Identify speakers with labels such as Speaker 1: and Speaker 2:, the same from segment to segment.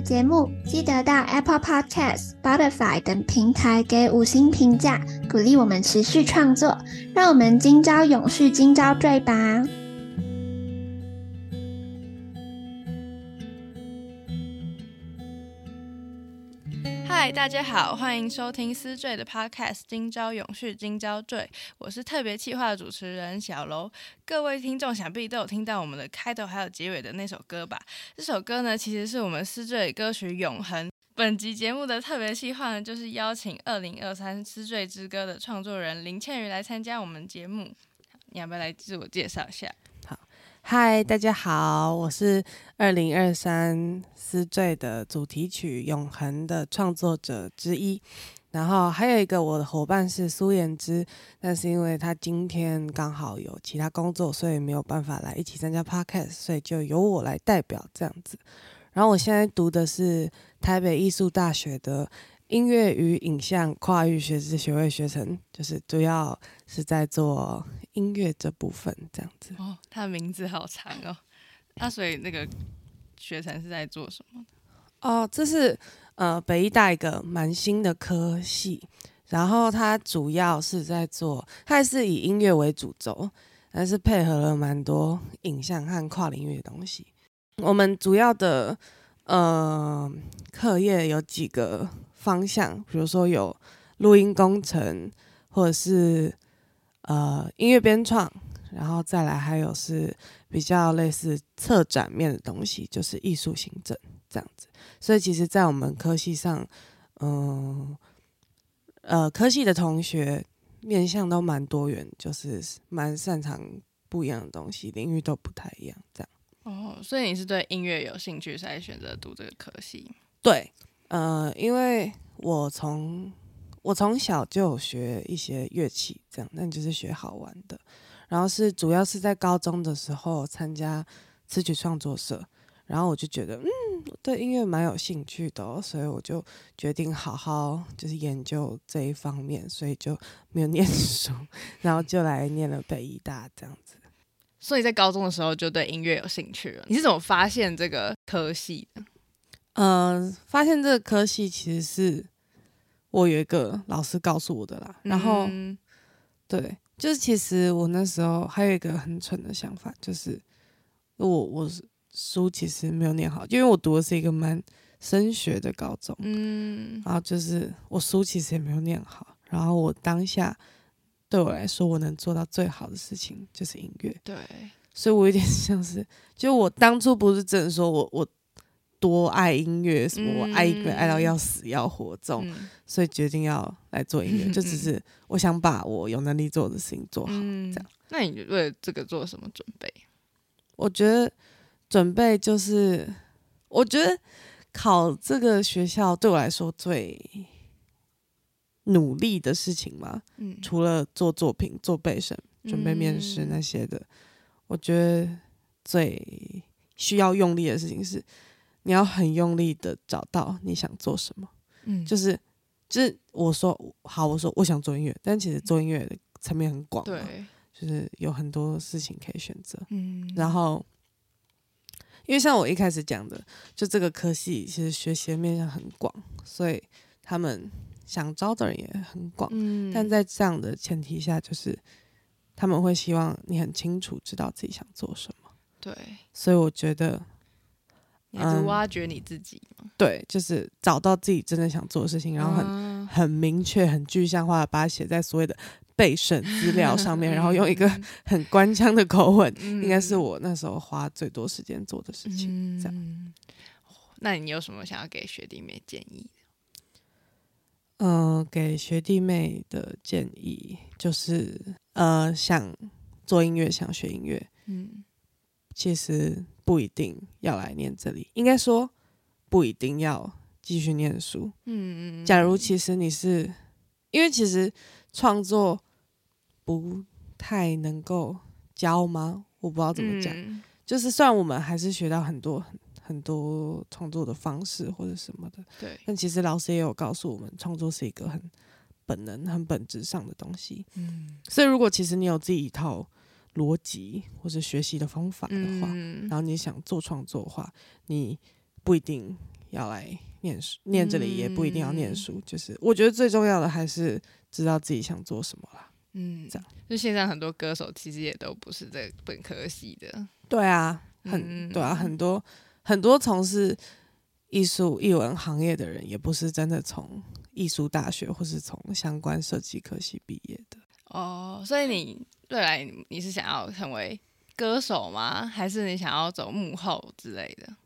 Speaker 1: 的節目記得到 Apple Podcast、Spotify 等平台給五星評價，鼓勵我們持續創作。讓我們今朝永續，今朝醉吧。嗨、hey，大家好，歡迎收聽《思綴的 Podcast》，今朝永續，今朝綴。我是特別企劃主持人小樓。各位聽眾想必都有聽到我們的開頭還有結尾的那首歌吧？這首歌呢，其實是我們思綴歌曲《永恆》。本集節目的特別企劃呢，就是邀請二零二三思綴之歌的創作人林芊伃來參加我們節目。你要不要來自我介紹一下？
Speaker 2: 嗨，大家好，我是二零二三《思綴》的主題曲《永恆》的創作者之一，然後還有一個我的夥伴是蘇顏之，但是因為他今天剛好有其他工作，所以沒有辦法來一起參加 Podcast，所以就由我來代表這樣子。然後我現在讀的是台北藝術大學的。音樂與影像跨域學士學位學程，就是主要是在做音樂這部分，這樣子。哦，
Speaker 1: 他的名字好長哦。那、啊、所以那個學程是在做什麼？哦、
Speaker 2: 呃，這是呃北藝大一個蠻新的科系，然後他主要是在做，還是以音樂為主軸，但是配合了蠻多影像和跨領域的東西。我們主要的呃課業有幾個方向，比如說有錄音工程，或者是呃音樂編創，然後再來還有是比較類似策展面的東西，就是藝術行政這樣子。所以其實，在我們科系上，嗯、呃，呃，科系的同學面向都蠻多元，就是蠻擅長不一樣的東西，領域都不太一樣。這樣
Speaker 1: 哦，所以你是對音樂有興趣，才選擇讀這個科系？
Speaker 2: 對。呃，因為我從我從小就有學一些樂器，這樣，那你就是學好玩的。然後是主要是在高中的時候參加詞曲創作社，然後我就覺得，嗯，對音樂蠻有興趣的哦，所以我就決定好好就是研究這一方面，所以就沒有念書，然後就來念了北藝大這樣子。
Speaker 1: 所以在高中的時候就對音樂有興趣了？你是怎麼發現這個科系的？嗯、呃，發現這個科
Speaker 2: 系其實是我有一個老師告訴我的啦、嗯。然後，對，就是其實我那時候還有一個很蠢的想法，就是我我書其實沒有念好，因為我讀的是一個蠻升學的高中，嗯，然後就是我書其實也沒有念好。然後我當下對我來說，我能做到最好的事情就是音樂，對，所以我有點像是，就我當初不是真的說我我。多愛音樂，什麼我愛一個、嗯、愛到要死要活中、嗯，所以決定要來做音樂、嗯嗯嗯。就只是我想把我有能力做的事情做好，
Speaker 1: 嗯、這樣。那你為這個做什麼準備？
Speaker 2: 我覺得準備就是，我覺得考這個學校對我來說最努力的事情嘛。嗯，除了做作品、做備審、準備面試那些的、嗯，我覺得最需要用力的事情是。你要很用力的找到你想做什麼，嗯，就是，就是我說好，我說我想做音樂，但其實做音樂的層面很廣，對，就是有很多事情可以選擇，嗯，然後，因為像我一開始講的，就這個科系其實學習的面向很廣，所以他們想招的人也很廣，嗯，但在這樣的前提下，就是他們會希望你很清楚知道自己想做什麼，對，所以我覺得。還是挖掘你自己、嗯、對，就是找到自己真正想做的事情，然後很、嗯、很明確、很具象化的把它寫在所謂的備審資料上面， 然後用一個很官腔的口吻，嗯、應該是我那時候花最多時間做的事情、嗯。這
Speaker 1: 樣，那你有什麼想要給學弟妹建議？
Speaker 2: 嗯、呃，給學弟妹的建議就是，呃，想做音樂，想學音樂，嗯。其實不一定要來念這裡，應該說不一定要繼續念書。
Speaker 1: 嗯。假
Speaker 2: 如其實你是，因為其實創作不太能夠教嗎？我不知道怎麼講。嗯。就是雖然我們還是學到很多很，很多創作的方式或者什麼的。對。但其實老師也有告訴我們，創作是一個很本能、很本質上的東西。嗯。所以如果其實你有自己一套。邏輯或者學習的方法的話、嗯，然後你想做創作的話，你不一定要來念書，念這裡也不一定要念書、嗯，就是我覺得最重要的還是知道自己想做什麼啦。嗯，這樣。
Speaker 1: 就現在很多歌手其實也都不是在本科系的，
Speaker 2: 對啊，很、嗯、對啊，很多很多從事藝術、藝文行業的人，也不是真的從藝術大學或是從相關設計科系畢業的。
Speaker 1: 哦、oh，所以你。未來你是想要成為歌手嗎？還是你想要走幕後之類的？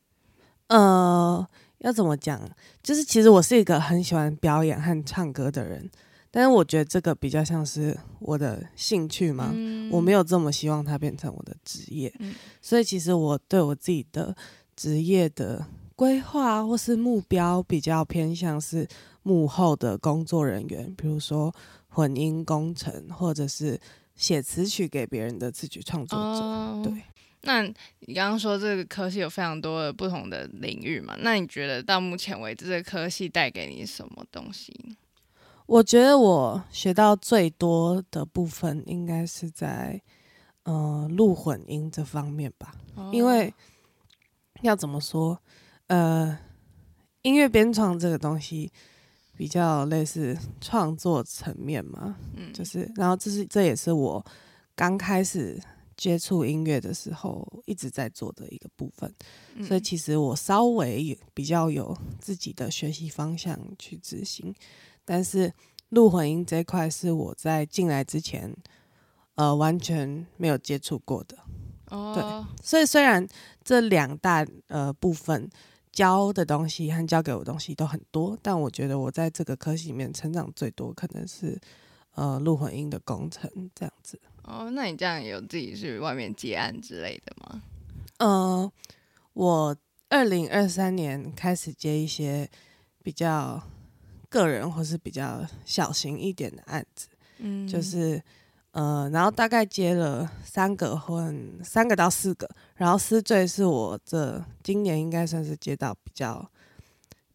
Speaker 2: 呃，要怎麼講？就是其實我是一個很喜歡表演和唱歌的人，但是我覺得這個比較像是我的興趣嘛，嗯、我沒有這麼希望它變成我的職業、嗯。所以其實我對我自己的職業的規劃或是目標比較偏向是幕後的工作人員，比如說混音工程，或者是。寫詞曲給別人的詞曲創作者，oh,
Speaker 1: 對。那你剛剛說這個科系有非常多的不同的領域嘛？那你覺得到目前為止，這個科系帶給你什麼東西？
Speaker 2: 我覺得我學到最多的部分，應該是在嗯錄混音這方面吧。Oh. 因為要怎麼說，呃，音樂編創這個東西。比較類似創作層面嘛，嗯，就是，然後這是這也是我剛開始接觸音樂的時候一直在做的一個部分，嗯，所以其實我稍微比較有自己的學習方向去執行，但是錄混音這塊是我在進來之前呃完全沒有接觸過的，
Speaker 1: 哦，對，
Speaker 2: 所以雖然這兩大呃部分。教的東西和教給我的東西都很多，但我覺得我在這個科系裡面成長最多，可能是呃錄混音的工程這樣子。
Speaker 1: 哦，那你這樣有自己去外面接案之類的嗎？嗯、
Speaker 2: 呃，我二零二三年開始接一些比較個人或是比較小型一點的案子，嗯，就是。呃，然後大概接了三個或，三個到四個，然後思綴是我這今年應該算是接到比較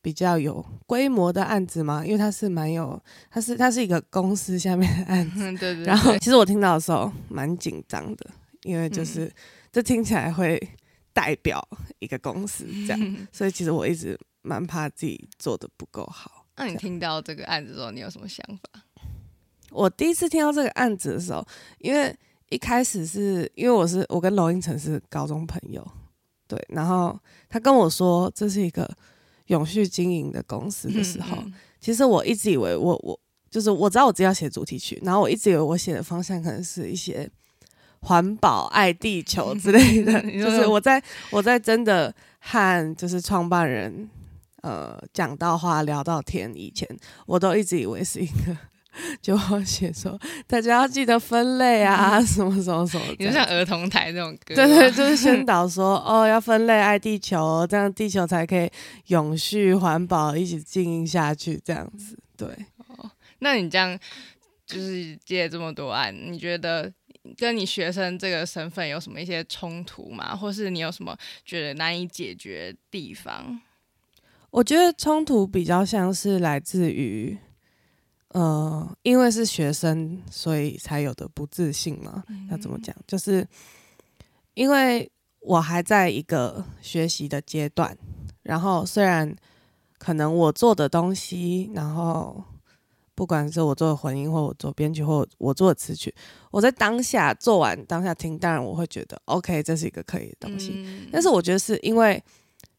Speaker 2: 比較有規模的案子嘛，因為它是蠻有，它是它是一個公司下面的案子，嗯、對，對對。然後其實我聽到的時候蠻緊張的，因為就是這、嗯、聽起來會代表一個公司這樣，嗯、所以其實我一直蠻怕自己做得不夠
Speaker 1: 好。那、啊、你聽到這個案子之後，你有什麼想法？
Speaker 2: 我第一次聽到這個案子的時候，因為一開始是因為我是我跟婁英成是高中朋友，對，然後他跟我說這是一個永續經營的公司的時候嗯嗯，其實我一直以為我我就是我知道我只要寫主題曲，然後我一直以為我寫的方向可能是一些環保愛地球之類的， 就是我在我在真的和就是創辦人呃講到話聊到天以前，我都一直以為是一個。就我寫說，大家要記得分類啊，什麼什麼什麼。有 就像兒童台那種歌，對，對對，就是宣導說 哦，要分類愛地球，這樣地球才可以永續環保，一起經營下去這樣子。對，
Speaker 1: 哦，那你這樣就是接這麼多案，你覺得跟你學生這個身份有什麼一些衝突嗎？或是你有什麼覺得難以解決的地方？
Speaker 2: 我覺得衝突比較像是來自於。呃，因為是學生，所以才有的不自信嘛。要怎麼講？就是因為我還在一個學習的階段，然後雖然可能我做的東西，然後不管是我做的混音，或我做編曲，或我做詞曲，我在當下做完，當下聽，當然我會覺得 OK，這是一個可以的東西。嗯、但是我覺得是因為，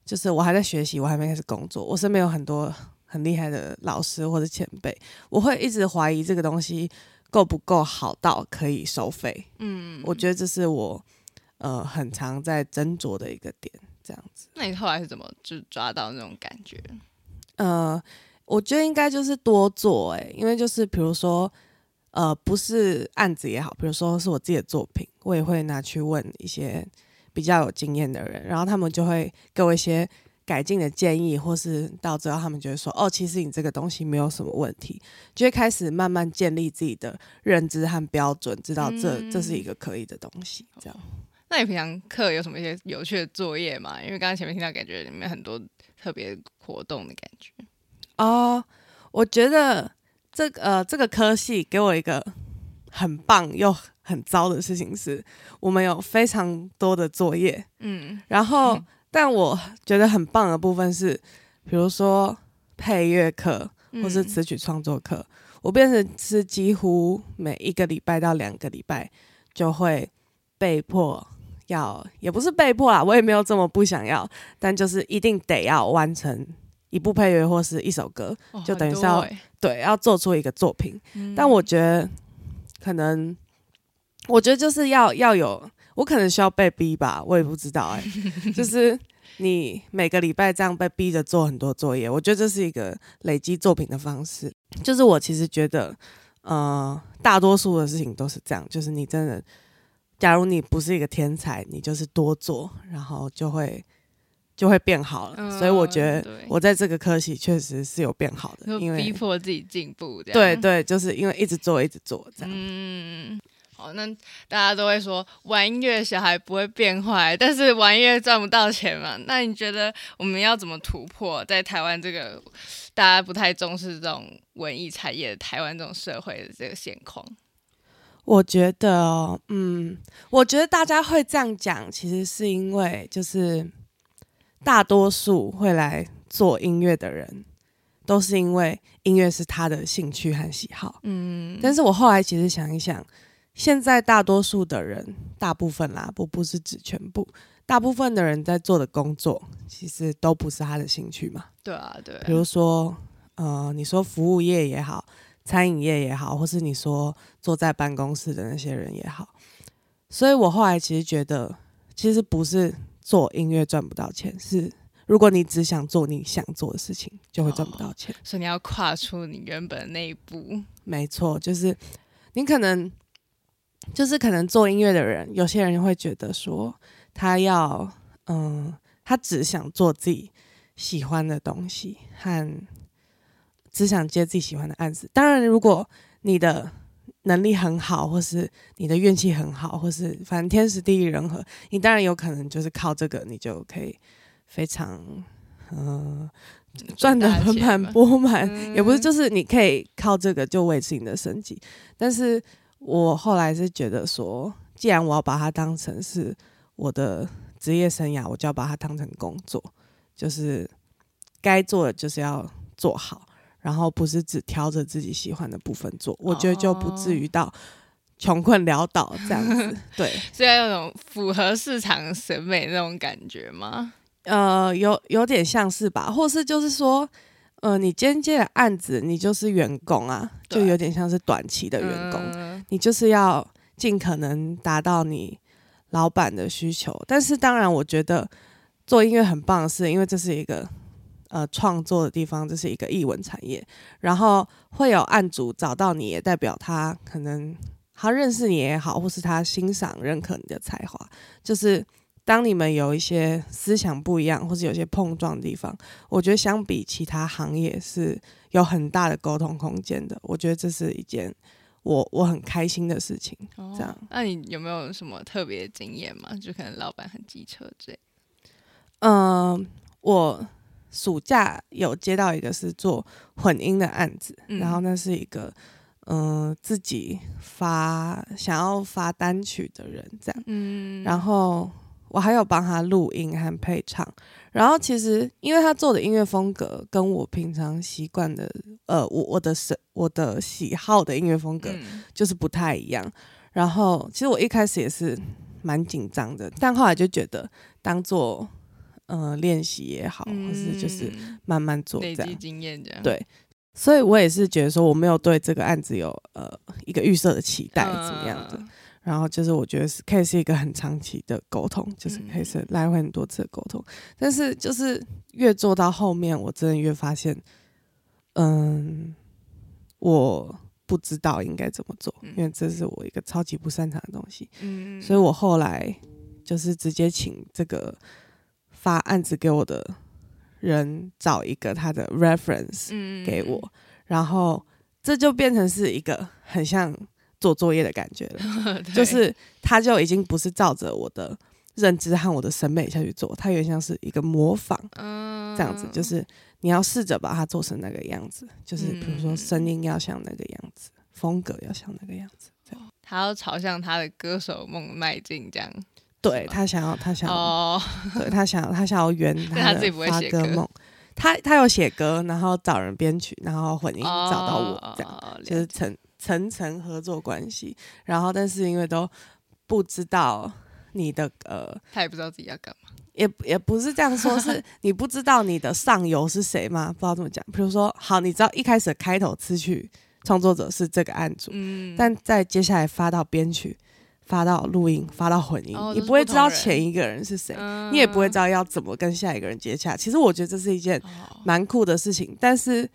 Speaker 2: 就是我還在學習，我還沒開始工作，我身邊有很多。很厲害的老師或者前輩，我會一直懷疑這個東西夠不夠好到可以收費。嗯，我覺得這是我呃很常在斟酌的一個點，這樣子。
Speaker 1: 那你後來是怎麼就抓到那種感覺？
Speaker 2: 呃，我覺得應該就是多做誒、欸，因為就是比如說呃不是案子也好，比如說是我自己的作品，我也會拿去問一些比較有經驗的人，然後他們就會給我一些。改進的建議，或是到最後他們覺得說：“哦，其實你這個東西沒有什麼問題。”就會開始慢慢建立自己的認知和標準，知道這這是一個可以的東西。嗯、這樣，
Speaker 1: 那你平常課有什麼一些有趣的作業嗎？因為剛剛前面聽到感覺裡面很多特別活動的感覺哦、
Speaker 2: 呃。我覺得這個、呃這個科系給我一個很棒又很糟的事情是，我們有非常多的作業。
Speaker 3: 嗯，
Speaker 2: 然後。嗯但我覺得很棒的部分是，比如說配樂課，或是詞曲創作課、嗯，我變成是幾乎每一個禮拜到兩個禮拜就會被迫要，也不是被迫啦，我也沒有這麼不想要，但就是一定得要完成一部配樂或是一首歌，哦、就等於是要、欸、對要做出一個作品。嗯、但我覺得可能，我覺得就是要要有。我可能需要被逼吧，我也不知道哎。 就是你每個禮拜這樣被逼着做很多作業，我覺得這是一個累積作品的方式。就是我其實覺得，呃，大多數的事情都是這樣，就是你真的，假如你不是一個天才，你就是多做，然後就會就會變好了，哦。所以我覺得我在這個科系確實是有變好的，因為逼
Speaker 1: 迫自己進步。對對對，就是因為
Speaker 2: 一直做一直做這
Speaker 1: 樣。嗯。哦，那大家都會說玩音樂的小孩不會變壞，但是玩音樂賺不到錢嘛？那你覺得我們要怎麼突破在台灣這個大家不太重視這種文藝產業的台灣這種社會的這個現況？
Speaker 2: 我覺得哦，嗯，
Speaker 1: 我覺得大家會這樣講，其實是因為就
Speaker 2: 是大多數會來做音樂的人，都是因為音樂是他的興趣和喜好。嗯，但是我後來其實想一想。現在大多數的人，大部分啦，不不是指全部，大部分的人在做的工作，其實都不是他的興趣嘛。
Speaker 1: 對啊，對。比如
Speaker 2: 說，呃，你說服務業也好，餐飲業也好，或是你說坐在辦公室的那些人也好，所以我後來其實覺得，其實不是做音樂賺不到錢，是如果你只想做你想做的事情，就會賺不到錢。Oh,
Speaker 1: 所以你要跨出你原本的那一步。
Speaker 2: 沒錯，就是你可能。就是可能做音樂的人，有些人會覺得說，他要嗯、呃，他只想做自己喜歡的東西，和只想接自己喜歡的案子。當然，如果你的能力很好，或是你的運氣很好，或是反正天時地利人和，你當然有可能就是靠這個，你就可以非常、呃、得很蠻波蠻嗯賺得、盆滿缽滿。也不是，就是你可以靠這個就維持你的生計，但是。我後來是覺得說，既然我要把它當成是我的職業生涯，我就要把它當成工作，就是該做的就是要做好，然後不是只挑着自己喜歡的部分做。哦、我覺得就不至於到窮困潦倒這樣子。 對，
Speaker 1: 所以有種符合市場審美那種感覺嗎？
Speaker 2: 呃，有有點像是吧，或是就是說，呃，你間接的案子，你就是員工啊，就有點像是短期的員工。嗯你就是要盡可能達到你老板的需求，但是當然，我覺得做音樂很棒的是，是因為這是一個呃創作的地方，這是一個藝文產業。然後會有案主找到你，也代表他可能他認識你也好，或是他欣賞、認可你的才華。就是當你們有一些思想不一樣，或是有些碰撞的地方，我覺得相比其他行業是有很大的溝通空間的。我覺得這是一件。我我很開心的事
Speaker 1: 情，哦、這樣。那、啊、你有沒有什麼特別經驗嗎？就可能老板很機車這樣嗯、
Speaker 2: 呃，我暑假有接到一個是做混音的案子，嗯、然後那是一個嗯、呃、自己發想要發單曲的人這樣。嗯，然後。我還有幫他錄音和配唱，然後其實因為他做的音樂風格跟我平常習慣的，呃，我我的喜我的喜好的音樂風格就是不太一樣。嗯、然後其實我一開始也是蠻緊張的，但後來就覺得當做呃練習也好、嗯，或是就是慢慢做累積經驗這樣。對，所以我也是覺得說我沒有對這個案子有呃一個預設的期待，怎麼樣的。呃然後就是，我覺得是可以是一個很長期的溝通、嗯，就是可以是來回很多次的溝通、嗯。但是就是越做到後面，我真的越發現，嗯，我不知道應該怎麼做、嗯，因為這是我一個超級不擅長的東西、嗯。所以我後來就是直接請這個發案子給我的人找一個他的 reference 給我，嗯、然後這就變成是一個很像。做作業的感覺了， 就是他就已經不是照着我的認知和我的審美下去做，他原像是一個模仿，這樣子、嗯，就是你要試着把它做成那個樣
Speaker 1: 子，就是比如說
Speaker 2: 聲音要像那個樣子、嗯，風格要像那個樣子，這
Speaker 1: 樣。他要朝向他的歌手夢邁進，這樣。
Speaker 2: 對他想要，他想，對他想要，他想要圓、哦、 他、他、他、他自己不會寫歌夢，他他有寫歌，然後找人編曲，然後混音找到我，哦、這樣就是成。層層合作關係，然後但是因為都不知道你的呃，
Speaker 1: 他也不知道自己要幹嘛，
Speaker 2: 也也不是這樣說，是你不知道你的上游是誰嗎？ 不知道怎麼講，比如說好，你知道一開始開頭詞曲創作者是這個案主，嗯、但在接下來發到編曲、發到錄音、發到混音、哦，你不會知道前一個人是誰、嗯，你也不會知道要怎麼跟下一個人接洽。其實我覺得這是一件蠻酷的事情，哦、但是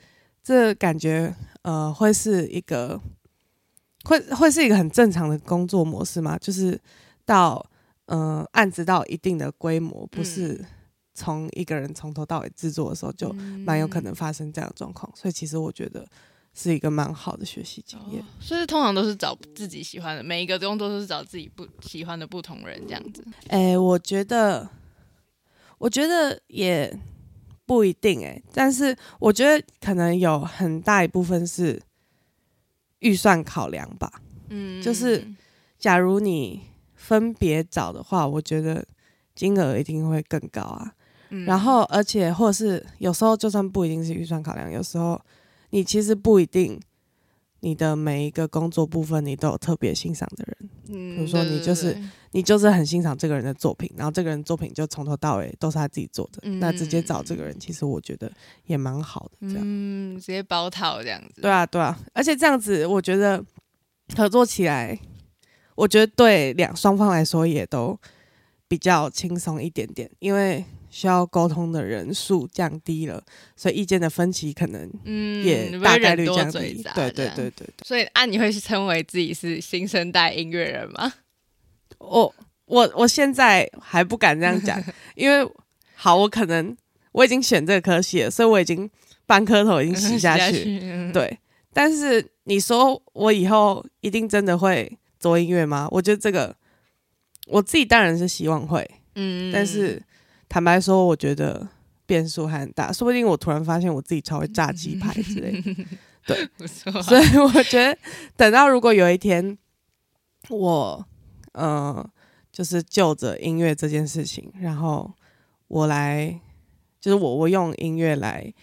Speaker 2: 這感覺呃會是一個。會會是一個很正常的工作模式嗎？就是到嗯、呃、案子到一定的規模，不是從一個人從頭到尾製作的時候，就蠻有可能發生這樣的狀況、嗯。所以其實我覺得是一個蠻好的學習經驗。
Speaker 1: 哦、所以通常都是找自己喜歡的，每一個工作都是找自己不喜歡的不同人這樣子。
Speaker 2: 誒，我覺得我覺得也不一定誒，但是我覺得可能有很大一部分是。預算考量吧，
Speaker 1: 嗯，
Speaker 3: 就是
Speaker 2: 假如你分別找的話，我覺得金額一定會更高啊。嗯。然後，而且或者是有時候，就算不一定是預算考量，有時候你其實不一定。你的每一個工作部分，你都有特別欣賞的人，
Speaker 1: 嗯，比如說你就是
Speaker 2: 你就是很欣賞這個人的作品，然後這個人作品就從頭到尾都是他自己做的，嗯、那直接找這個人，其實我覺得也蠻好的，
Speaker 1: 這樣，嗯，直接包套這樣
Speaker 2: 子，對啊對啊，而且這樣子我覺得合作起來，我覺得對兩雙方來說也都比較輕鬆一點點，因為。需要溝通的人數降低了，所以意見的分歧可能
Speaker 1: 嗯也大概率降低。嗯、對對對對所以，按、啊、你會是稱為自己是新生代音樂人嗎？哦、我我我現在還不敢這樣講， 因
Speaker 2: 為好，我可能我已經選這個科系了，所以我已經半顆頭已經洗下去， 洗下去。對，但是你說我以後一定真的會做音樂嗎？我覺得這個我自己當然是希望會，嗯，但是。坦白說，我覺得變數還很大，說不定我突然發現我自己超會炸雞排之
Speaker 3: 類。 對，沒錯。所以我覺
Speaker 2: 得，等到如果有一天我，呃，就是就着音樂這件事情，然後我來，就是我我用音樂來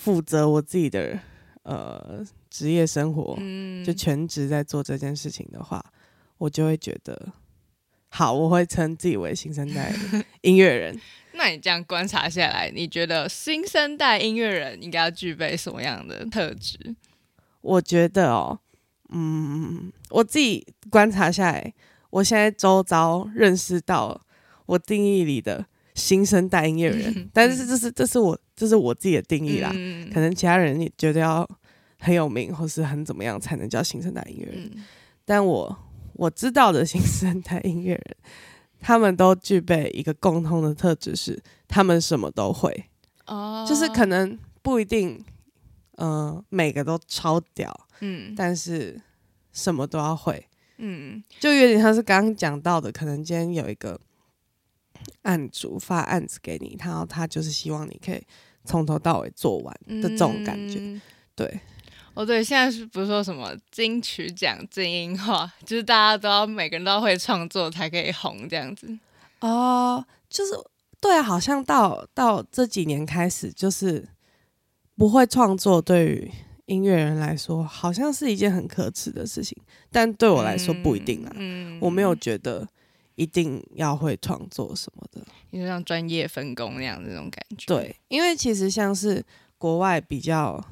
Speaker 2: 負責我自己的呃職業生活，嗯，就全職在做這件事情的話，我就會覺得。好，我會稱自己為新生代音樂人。
Speaker 1: 那你這樣觀察下來，你覺得新生代音樂人應該要具備什麼樣的特質？
Speaker 2: 我覺得哦，嗯，我自己觀察下來，我現在周遭認識到我定義裡的新生代音樂人，嗯，但是這是這是我這是我自己的定義啦、嗯。可能其他人也覺得要很有名或是很怎麼樣才能叫新生代音樂人，嗯，但我。我知道的新生代音樂人，他們都具備一個共通的特質，是他們什麼都會。哦、oh.，就是可能不一定，嗯、呃，每個都超屌，mm. 但是什麼都要會，嗯、
Speaker 3: mm.，
Speaker 2: 就有點像是剛剛講到的，可能今天有一個案主發案子給你，然後他就是希望你可以從頭到尾做完的這種感覺，mm. 對。
Speaker 1: 哦、oh,，對，現在是不是說什麼金曲獎精英化，就是大家都要每個人都要會創作才可以紅這樣子？
Speaker 2: 哦、oh,，就是對啊，好像到到這幾年開始，就是不會創作對於音樂人來說，好像是一件很可恥的事情。但對我來說不一定啊，嗯嗯、我沒有覺得一定要會創作什麼的，
Speaker 1: 因為像專業分工那樣那種感
Speaker 2: 覺。對，因為其實像是國外比較。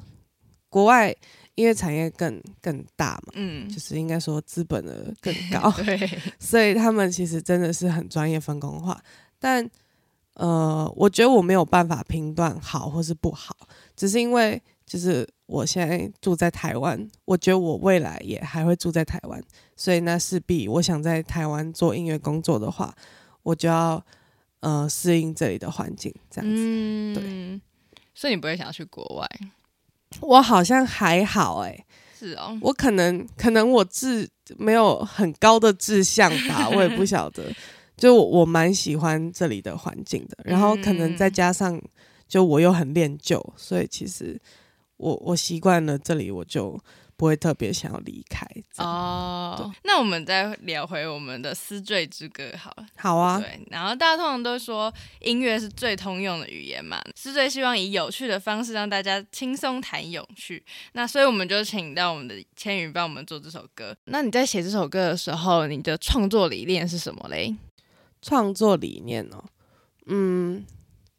Speaker 2: 國外音樂產業更更大嘛，嗯，就是應該說資本的更高， 對，所以他們其實真的是很專業分工化。但呃，我覺得我沒有辦法評斷好或是不好，只是因為就是我現在住在台灣，我覺得我未來也還會住在台灣，所以那勢必我想在台灣做音樂工作的話，我就要呃適應這裡的環境這樣
Speaker 1: 子，嗯，對。所以你不會想要去國外？我
Speaker 2: 好像還好哎、欸，是哦，我可能可能我志沒有很高的志向吧，我也不曉得。 就我我蠻喜歡這裡的環境的，然後可能再加上就我又很戀舊，所以其實我我習慣了這裡，我就。不會特別想要離開
Speaker 1: 哦、oh,。那我們再聊回我們的《思綴之歌》好。好啊。對。然後大家通常都說音樂是最通用的語言嘛，《思綴》希望以有趣的方式讓大家輕鬆談有趣。那所以我們就請到我們的芊伃幫我們做這首歌。那你在寫這首歌的時候，你的創作理念是什麼嘞？創作理念哦。嗯，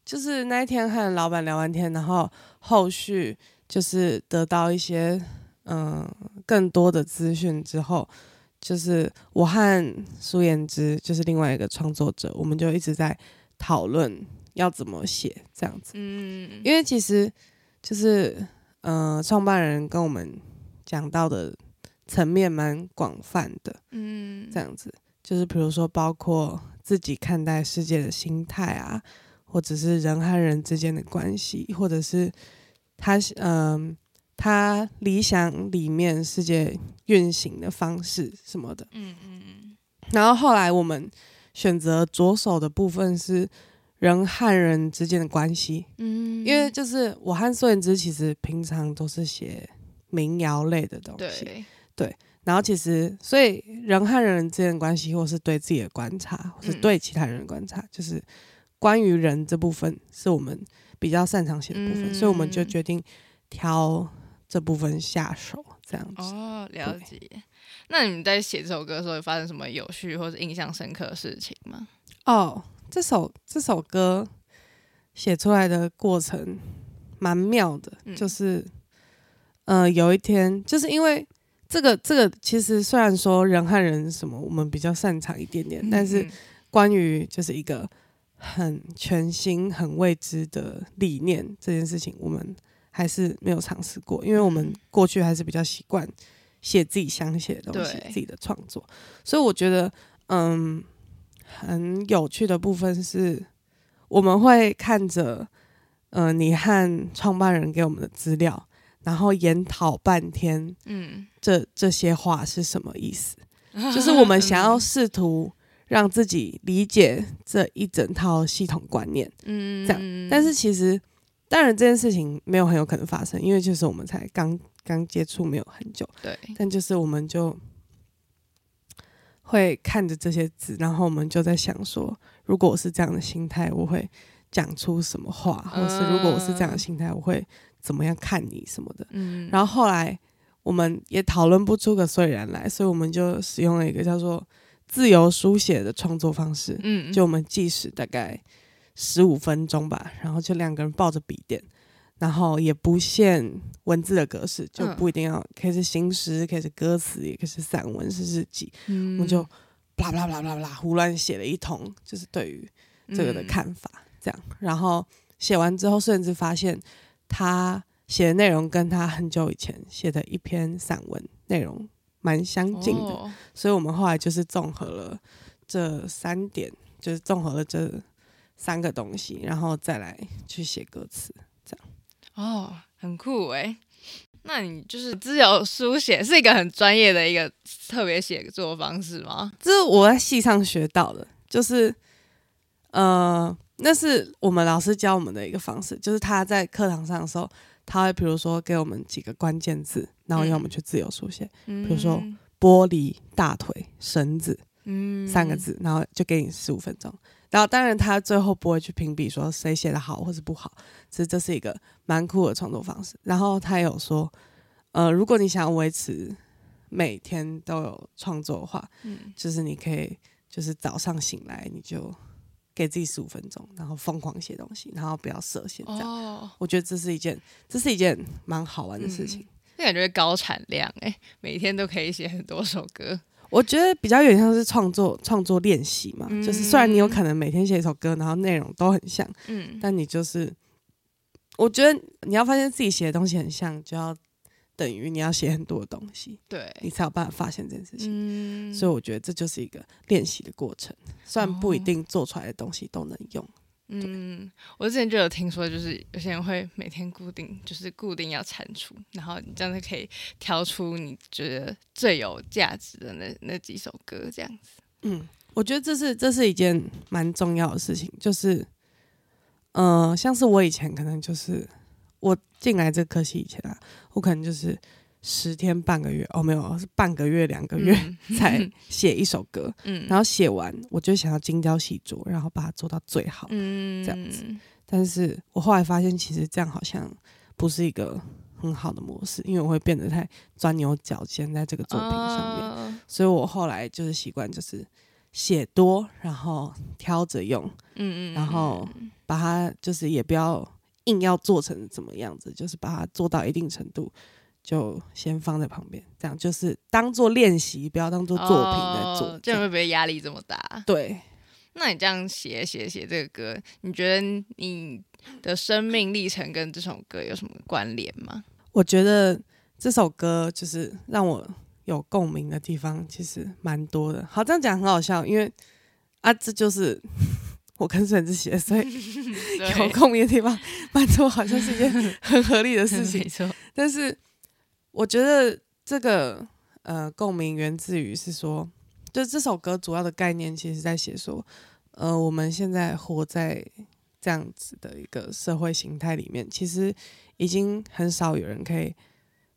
Speaker 2: 就是那一天和老板聊完天，然後後續就是得到一些。嗯、呃，更多的資訊之後，就是我和蘇顏之，就是另外一個創作者，我們就一直在討論要怎麼寫這樣子。嗯，因為其實就是，嗯、呃，創辦人跟我們講到的層面蠻廣泛的、
Speaker 3: 嗯。這樣
Speaker 2: 子就是，比如說包括自己看待世界的心態啊，或者是人和人之間的關係，或者是他嗯。呃他理想裡面世界運行的方式什麼的，嗯嗯嗯。然後後來我們選擇着手的部分是人和人之間的關係，
Speaker 3: 嗯,嗯，因為
Speaker 2: 就是我和蘇言之其實平常都是寫民謠類的東西，對。對然後其實所以人和人之間的關係，或是對自己的觀察、嗯，或是對其他人的觀察，就是關於人這部分是我們比較擅長寫的部分嗯嗯，所以我們就決定挑。這部分下手這樣子哦，了
Speaker 1: 解。那你們在寫這首歌的時候，有發生什麼有趣或者印象深刻的事情嗎？
Speaker 2: 哦，這首這首歌寫出來的過程蠻妙的，嗯、就是嗯、呃，有一天就是因為這個這個，其實雖然說人和人什麼，我們比較擅長一點點，嗯嗯，但是關於就是一個很全新、很未知的理念這件事情，我們。還是沒有嘗試過，因為我們過去還是比較習慣寫自己想寫的東西，自己的創作。所以我覺得，嗯，很有趣的部分是，我們會看着，嗯、呃，你和創辦人給我們的資料，然後研討半天，
Speaker 3: 嗯，
Speaker 2: 這這些話是什麼意思？
Speaker 3: 就是我們
Speaker 2: 想要試圖讓自己理解這一整套系統觀念，嗯，這樣。但是其實。當然，這件事情沒有很有可能發生，因為就是我們才剛剛接觸，沒有很久。對。但就是我們就會看着這些字，然後我們就在想說，如果我是這樣的心態，我會講出什麼話，或是如果我是這樣的心態，我會怎麼樣看你什麼的。嗯。然後後來我們也討論不出個所以然來，所以我們就使用了一個叫做自由書寫的創作方式。嗯。就我們即使大概。十五分鐘吧，然後就兩個人抱着筆電，然後也不限文字的格式，嗯、就不一定要，可以是新詩，可以是歌詞，也可以是散文是日記，嗯、我們就啦啦啦啦啦啦胡亂寫了一通，就是對於這個的看法、嗯、這樣，然後寫完之後甚至發現他寫的內容跟他很久以前寫的一篇散文內容蠻相近的，哦，所以我們後來就是綜合了這三點，就是綜合了這。三個東西，然後再來去寫歌詞，這樣
Speaker 1: 哦，很酷哎。那你就是自由書寫是一個很專業的一個特別寫作方式嗎？
Speaker 2: 這是我在系上學到的，就是呃，那是我們老師教我們的一個方式，就是他在課堂上的時候，他會比如說給我們幾個關鍵字，然後讓我們去自由書寫、嗯，比如說玻璃、大腿、繩子，嗯、三個字，然後就給你十五分鐘。然後當然，他最後不會去評比說誰寫的好或是不好。其實這是一個蠻酷的創作方式。然後他有說，呃，如果你想要維持每天都有創作的話，嗯，就是你可以就是早上醒來你就給自己十五分鐘，然後瘋狂寫東西，然後不要設限這樣，哦，我覺得這是一件這是一件蠻好玩的事情。
Speaker 1: 那，嗯，感覺高產量，欸，每天都可以寫很多首歌。我覺得比
Speaker 2: 較遠，像是創作創作練習嘛，就是雖然你有可能每天寫一首歌，然後內容都很像，但你就是，我覺得你要發現自己寫的東西很像，就要等於你要寫很多的東西，對，你才有辦法發現這件事情。所以我覺得這就是一個練習的過程，雖然不一定做出來的東西都能用。
Speaker 1: 嗯，我之前就有聽說，就是有些人會每天固定，就是固定要產出，然後你這樣子可以挑出你覺得最有價值的那那幾首歌，這樣子。嗯，
Speaker 2: 我覺得這是這是一件蠻重要的事情，就是，嗯、呃，像是我以前可能就是我進來這科系以前啊，我可能就是。十天半個月哦，沒有，是半個月兩個月、嗯、才寫一首歌，嗯、然後寫完我就想要精雕細琢，然後把它做到最好、嗯，這樣子。但是我後來發現，其實這樣好像不是一個很好的模式，因為我會變得太鑽牛角尖在這個作品上面，哦、所以我後來就是習慣就是寫多，然後挑着用，
Speaker 3: 嗯，嗯，嗯，然後
Speaker 2: 把它就是也不要硬要做成怎麼樣子，就是把它做到一定程度。就先放在旁邊，這樣就是當做練習，不要當做作、作品來做、oh, 這。這樣
Speaker 1: 會不會壓力這麼大、啊？對。那你這樣寫寫寫這個歌，你覺得你的生命歷程跟這首歌有什麼關聯嗎？
Speaker 2: 我覺得這首歌就是讓我有共鳴的地方，其實蠻多的。好，這樣講很好笑，因為啊，這就是我跟孫子寫，所以有共鳴的地方，反正我好像是一件很合理的事情。 嗯、沒錯，但是。我覺得這個呃，共鳴源自於是說，就這首歌主要的概念，其實在寫說，呃，我們現在活在這樣子的一個社會形態裡面，其實已經很少有人可以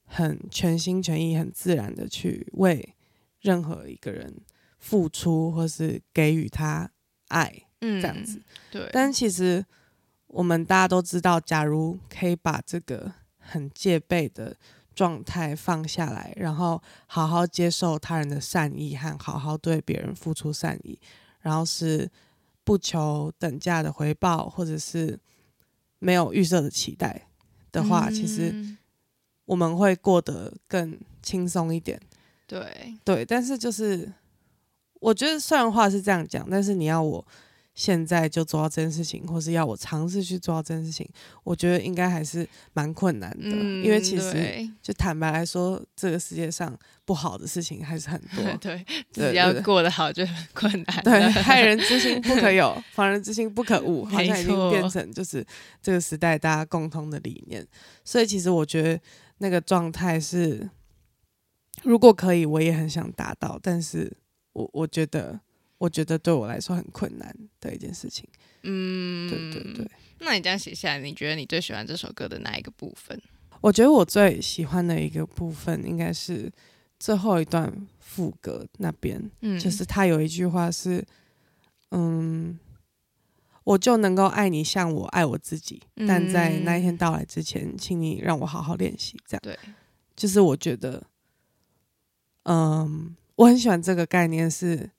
Speaker 2: 很全心全意、很自然的去為任何一個人付出，或是給予他愛，這樣子，嗯。對。但其實我們大家都知道，假如可以把這個很戒備的。狀態放下來，然後好好接受他人的善意，和好好對別人付出善意，然後是不求等價的回報，或者是沒有預設的期待的話，嗯，其實我們會過得更輕鬆一點。對對，但是就是我覺得，雖然話是這樣講，但是你要我。現在就做到這件事情，或是要我嘗試去做到這件事情，我覺得應該還是蠻困難的，嗯。因為其實，就坦白來說，這個世界上不好的事情還是很多。呵呵對，對，對，對，只要
Speaker 1: 過得好就很困難。對，害人之心不可有， 防人之
Speaker 2: 心不可無。好像已經變成就是這個時代大家共通的理念。所以，其實我覺得那個狀態是，如果可以，我也很想達到。但是我我覺得。我覺得對我來說很困難的一件事情。嗯，對
Speaker 3: 對
Speaker 1: 對。那你這樣寫下來，你覺得你最喜歡這首歌的哪一個部分？
Speaker 2: 我覺得我最喜歡的一個部分應該是最後一段副歌那邊，嗯。就是他有一句話是：“嗯，我就能夠愛你像我愛我自己。嗯”但在那一天到來之前，請你讓我好好練習這樣。對，就是我覺得，嗯，我很喜歡這個概念是。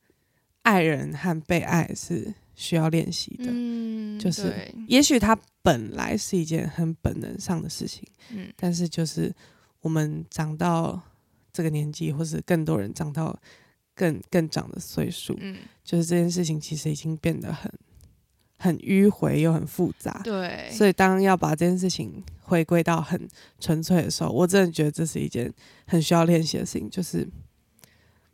Speaker 2: 愛人和被愛是需要練習的，嗯，對，就是也許它本來是一件很本能上的事情，嗯，但是就是我們長到這個年紀，或是更多人長到更更長的歲數，嗯，就是這件事情其實已經變得很很迂回又很複雜，
Speaker 1: 對，所以
Speaker 2: 當要把這件事情回歸到很純粹的時候，我真的覺得這是一件很需要練習的事情，就是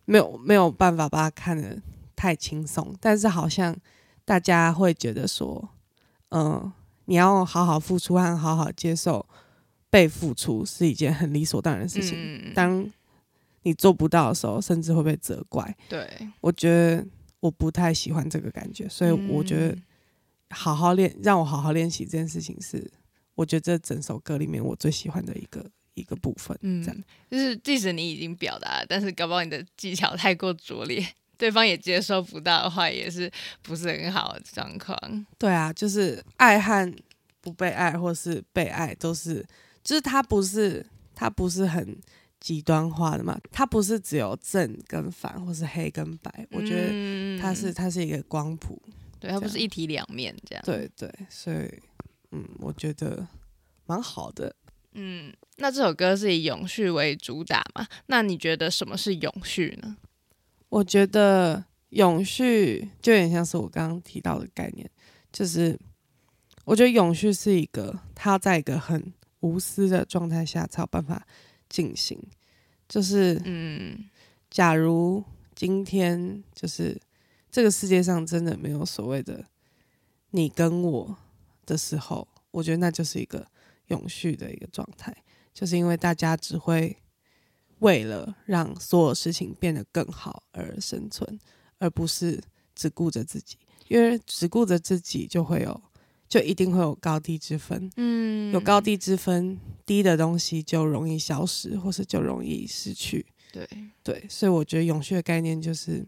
Speaker 2: 沒有沒有辦法把它看得。太輕鬆，但是好像大家會覺得說，嗯、呃，你要好好付出和好好接受被付出是一件很理所當然的事情、嗯。當你做不到的時候，甚至會被責怪。對，我覺得我不太喜歡這個感覺，所以我覺得好好練，讓我好好練習這件事情是，我覺得這整首歌裡面我最喜歡的一個一個部分。嗯這樣，
Speaker 1: 就是即使你已經表達了，但是搞不好你的技巧太過拙劣。對方也接收不到的話，也是不是很好的狀況？
Speaker 2: 對啊，就是愛和不被愛，或是被愛，都是就是它不是它不是很極端化的嘛？它不是只有正跟反，或是黑跟白？我覺得它是它是一個光譜，嗯，對，它不是一體兩面這樣。對對，所以嗯，我覺得蠻好的。嗯，
Speaker 1: 那這首歌是以永續為主打嘛？那你覺得什麼是永續呢？
Speaker 2: 我覺得永續就有點像是我剛剛提到的概念，就是我覺得永續是一個它在一個很無私的狀態下才有辦法進行，就是嗯，假如今天就是這個世界上真的沒有所謂的你跟我的時候，我覺得那就是一個永續的一個狀態，就是因為大家只會。為了讓所有事情變得更好而生存，而不是只顧着自己，因為只顧着自己就會有，就一定會有高低之分。嗯，有高低之分，低的東西就容易消失，或是就容易失去。對對，所以我覺得永續的概念就是。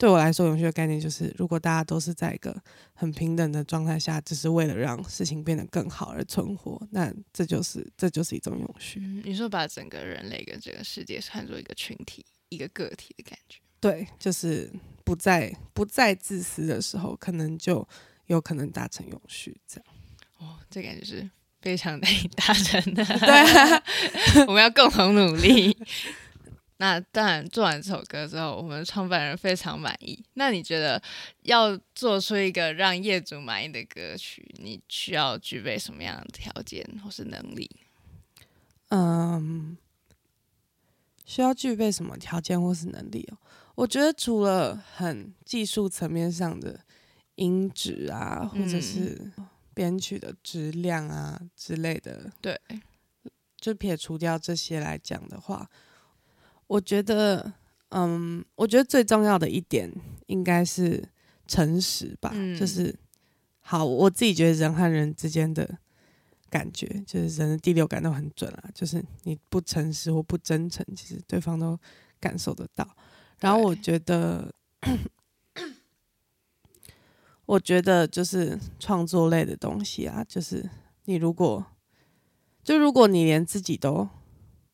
Speaker 2: 對我來說，永續的概念就是，如果大家都是在一個很平等的狀態下，只、就是為了讓事情變得更好而存活，那這就是這就是一種永續、嗯。
Speaker 1: 你說把整個人類跟這個世界看作一個群體、一個個體的感
Speaker 2: 覺，對，就是不再不再自私的時候，可能就有可能達成永
Speaker 1: 續。這樣哦，這感覺是非常難以達成的。對啊， 我們要共同努力。 那當然，做完這首歌之後，我們創辦人非常滿意。那你覺得要做出一個讓業主滿意的歌曲，你需要具備什麼樣的條件或是能力？
Speaker 2: 嗯，需要具備什麼條件或是能力哦？我覺得除了很技術層面上的音質啊，或者是編曲的質量啊之類的，對，就撇除掉這些來講的話。我覺得，嗯，我覺得最重要的一點應該是誠實吧，嗯。就是，好，我自己覺得人和人之間的感覺，就是人的第六感都很準啊。就是你不誠實或不真誠，其實對方都感受得到。然後我覺得， 我覺得就是創作類的東西啊，就是你如果，就如果你連自己都。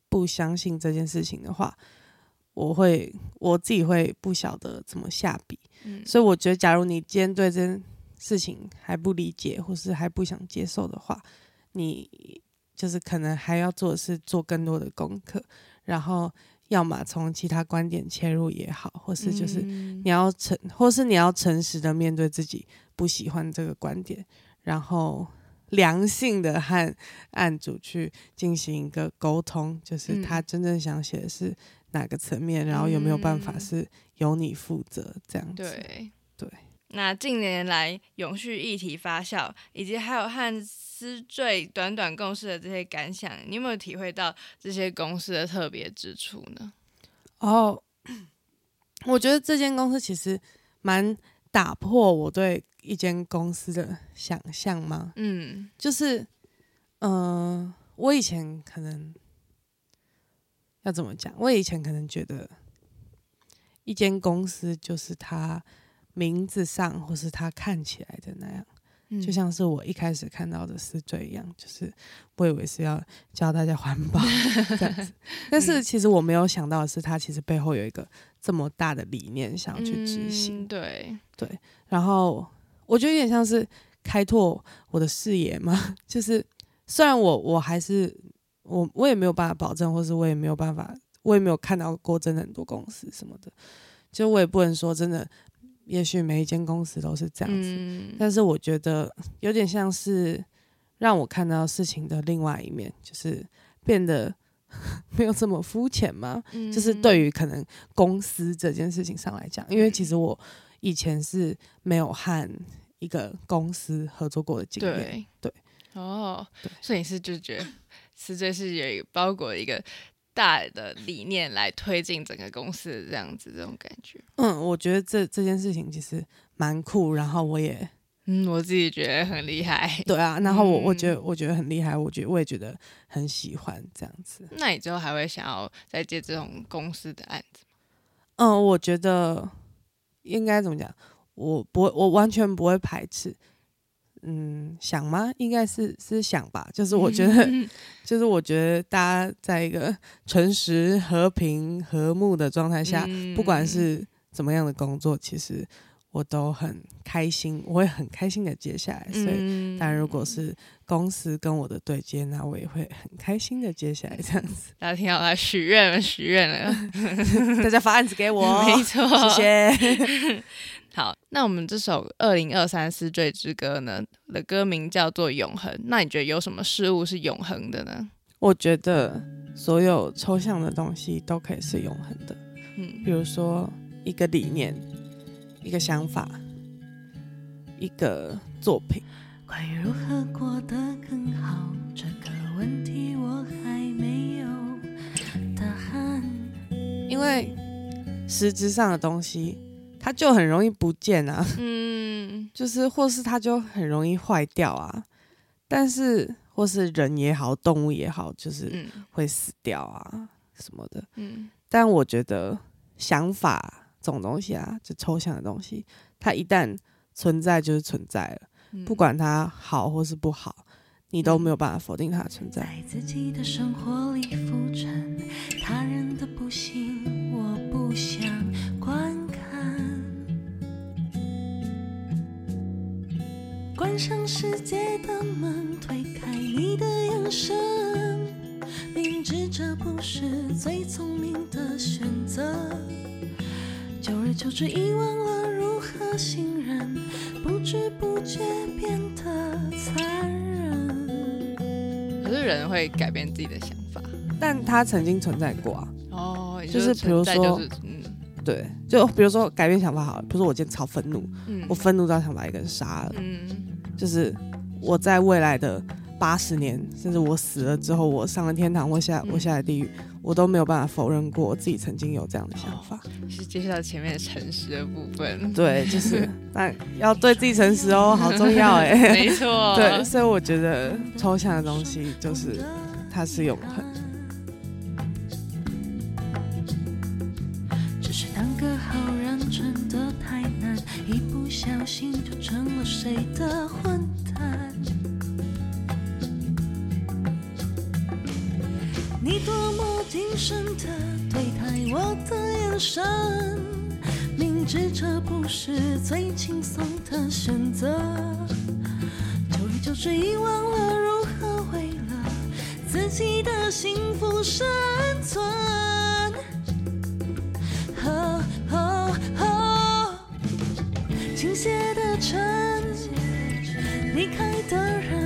Speaker 2: 不相信這件事情的話，我會我自己會不曉得怎麼下筆、嗯，所以我覺得，假如你今天對這件事情還不理解，或是還不想接受的話，你就是可能還要做的是做更多的功課，然後要麼從其他觀點切入也好，或是就是你要誠、嗯，或是你要誠實的面對自己不喜歡這個觀點，然後。良性的和案主去進行一個溝通，就是他真正想寫的是哪個層面、嗯，然後有沒有辦法是由你負責這樣子。對對。
Speaker 1: 那近年來永續議題發酵，以及還有和思綴短短共事的這些感想，你有沒有體會到這些公司的特別之處呢？
Speaker 2: 哦、oh，我覺得這間公司其實蠻打破我對。一間公司的想象嗎？嗯，就是，嗯、呃，我以前可能要怎麼講？我以前可能覺得一間公司就是他名字上或是他看起來的那樣、嗯，就像是我一開始看到的是這樣，就是我以為是要教大家環保 這樣子。但是其實我沒有想到的是，他其實背後有一個這麼大的理念想要去執行。嗯、對對，然後。我覺得有點像是開拓我的視野嘛，就是雖然我我還是我我也沒有辦法保證，或是我也沒有辦法，我也沒有看到過真的很多公司什麼的，就我也不能說真的，也許每一間公司都是這樣子，嗯，但是我覺得有點像是讓我看到事情的另外一面，就是變得沒有這麼膚淺嘛，嗯，就是對於可能公司這件事情上來講，因為其實我。以前是沒有和一個公司合作過的經驗，對
Speaker 1: 對哦對，所以你是就覺得 是這是有一個包裹一個大的理念來推進整個公司的這樣子，這種感覺。
Speaker 2: 嗯，我覺得這這件事情其實蠻酷，然後我也，
Speaker 1: 嗯，我自己覺得很厲害。對啊，然後我、嗯、我
Speaker 2: 覺得我覺得很厲害，我覺得我也覺得很喜歡這樣子。
Speaker 1: 那你之後還會想要再接這種公司的案子
Speaker 2: 嗎？嗯，我覺得。應該怎麼講？我不，我完全不會排斥。嗯，想嗎？應該是是想吧。就是我覺得，就是我覺得大家在一個誠實、和平、和睦的狀態下，不管是怎麼樣的工作，其實。我都很開心，我會很開心的接下來。所以、嗯，但如果是公司跟我的對接，那我也會很開心的接下來。這樣
Speaker 1: 子，大家聽到了，許願了，許願了，大家發案子給我，沒錯，謝謝。好，那我們這首二零二三思綴之歌呢，的歌名叫做《永恆》。那你覺得有什麼事物是永恆的呢？
Speaker 2: 我覺得所有抽象的東西都可以是永恆的，嗯，比如說一個理念。一個想法，一個作品。
Speaker 3: 關於如何過得更好這個問題，我還沒有
Speaker 2: 答案。因為實質上的東西，它就很容易不見啊。嗯，就是，或是它就很容易壞掉啊。但是，或是人也好，動物也好，就是會死掉啊，什麼的。嗯。但我覺得想法。這種東西啊，就抽象的東西，它一旦存在就是存在了，不管它好或是不好，你都沒有辦法否定它的存在。
Speaker 3: 在自己的生活裡浮沉，他人的不幸我不想觀看，關上世界的門，推開你的眼神，明知這不是最聰明的選擇久而久
Speaker 1: 之遺忘了如何信任，不知不覺變得殘忍。可是人會改變自己的想法，
Speaker 2: 但他曾經存在過啊。
Speaker 1: 哦，就是比如說、
Speaker 2: 就是，嗯，對，就比如說改變想法好了。比如說我今天超憤怒、嗯，我憤怒到想把一個人殺了。嗯，就是我在未來的八十年，甚至我死了之後，我上了天堂，我下、嗯、我下了地獄。我都沒有辦法否認過我自己曾經有這樣的想法，
Speaker 1: 哦，是介紹前面誠實的部分。對，就是
Speaker 2: 但要對自己誠實哦，好重要哎。沒錯，
Speaker 1: 對，
Speaker 2: 所以我覺得抽象的東西就是它是永恆。只是當個好人真
Speaker 3: 的太難，一不小心就成了誰的謹慎的對待我的眼神，明知這不是最輕鬆的選擇，久違舊事遺忘了如何為了自己的幸福生存。哦哦哦，傾斜的船，離開的人。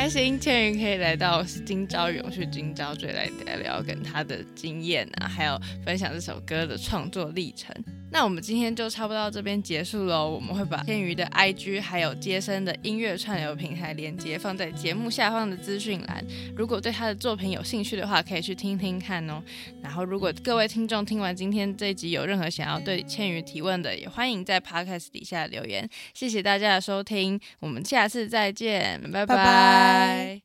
Speaker 1: 開心，芊伃可以來到今朝永續，今朝綴來聊聊跟他的經驗啊，還有分享這首歌的創作歷程。那我們今天就差不多到這邊結束了哦。我們會把芊伃的 IG 還有街聲的音樂串流平台連接放在節目下方的資訊欄。如果對他的作品有興趣的話，可以去聽聽看哦。然後，如果各位聽眾聽完今天這一集有任何想要對芊伃提問的，也歡迎在 Podcast 底下留言。謝謝大家的收聽，我們下次再見，拜拜。拜拜。